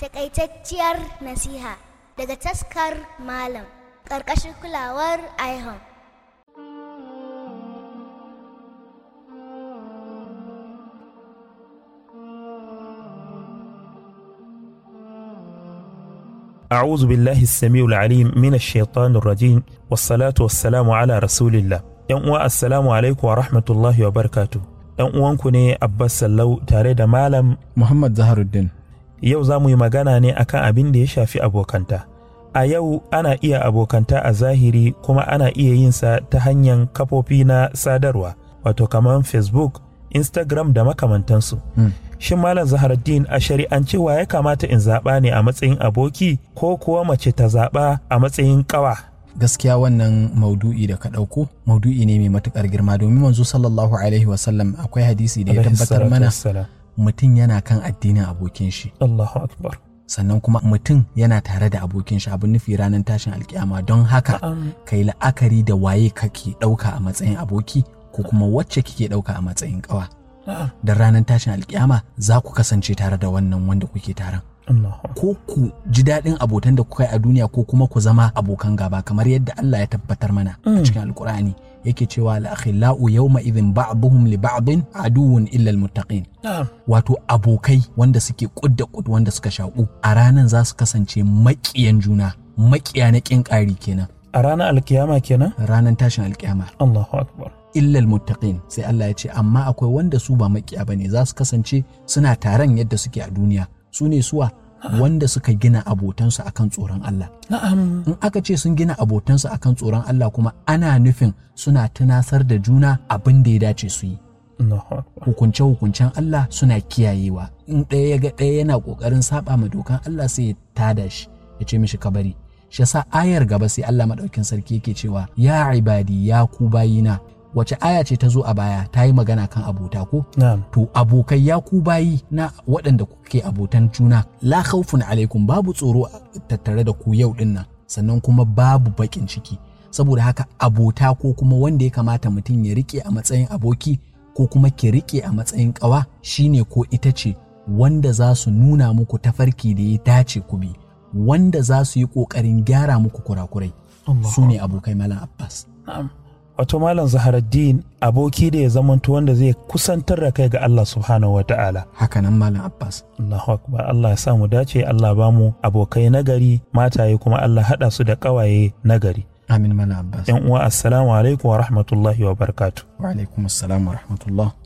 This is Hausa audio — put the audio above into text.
takaitacciyar nasiha daga taskar malam ƙarƙashin kulawar ihon أعوذ بالله السميع العليم من الشيطان الرجيم والصلاة والسلام على رسول الله يوم السلام عليكم ورحمة الله وبركاته يوم وانكني أبا سلو تاريد مالم محمد زهر الدين Yau za mu yi magana ne akan abin da ya shafi abokanta. A yau ana iya abokanta a zahiri kuma ana iya yin sa ta hanyar kafofi na sadarwa, wato kamar Facebook, Instagram da makamantansu. Hmm. Shin Malam Zaharaddin a shari'ance wa ya kamata in zaɓa ne a matsayin aboki ko kuwa mace ta zaɓa a matsayin ƙawa? gaskiya wannan maudu'i da ka ɗauko maudu'i ne mai matuƙar girma domin manzo sallallahu alaihi wasallam akwai hadisi da ya tabbatar mana mutum yana kan addinin abokin shi Allahu akbar sannan kuma mutum yana tare da abokin shi abin nufi ranar tashin alkiyama don haka kai la'akari da waye kake ɗauka a matsayin aboki ko kuma wacce kike ɗauka a matsayin ƙawa don ranar tashin alkiyama za ku kasance tare da wannan wanda kuke taron ko ku ji daɗin abotan da kuka yi a duniya ko kuma ku zama abokan gaba kamar yadda Allah ya tabbatar mana a mm. cikin alkur'ani yake cewa al-akhillau yawma idhin ba'dhum li ba'dhin aduwwun illa al-muttaqin wato abokai wanda suke kudda kud wanda suka shaku a ranan za su kasance maƙiyan juna maƙiya na ƙin ƙari kenan a ranar alkiyama kenan ranar tashin alkiyama Allahu akbar illal muttaqin sai Allah ya ce amma akwai wanda su ba maƙiya bane za su kasance suna taron yadda suke a duniya su ne suwa wanda suka gina abotansu akan tsoron Allah in aka ce sun gina abotansu akan tsoron Allah kuma ana nufin suna tunasar da juna abin da ya dace su yi hukunce-hukuncen Allah suna kiyayewa in ɗaya ya ga ɗaya yana kokarin saɓa ma dokan Allah sai ya tada shi ya ce mishi kabari shi yasa ayar gaba sai Allah maɗaukin sarki yake cewa ya ibadi ya ku bayina wace aya ce ta zo a baya ta yi magana kan abota ko to abokai ya ku bayi na waɗanda kuke abotan juna la khawfun alaikum babu tsoro tattare da ku yau dinnan sannan kuma babu baƙin ciki saboda haka abota ko kuma wanda ya kamata mutum ya rike a matsayin aboki ko kuma ki rike a matsayin ƙawa shine ko ita ce wanda za su nuna muku tafarki da ya dace ku bi wanda za su yi ƙoƙarin gyara muku kurakurai su ne abokai malam abbas wato malam zaharaddin aboki da ya zamanto wanda zai kusantar da kai ga Allah subhanahu wa ta'ala hakanan malam abbas Allahu akbar Allah ya samu dace Allah ba mu abokai nagari mataye kuma Allah hada su da kawaye nagari amin malam abbas yan uwa assalamu alaikum wa rahmatullahi wa barakatuh wa alaikum assalam wa rahmatullah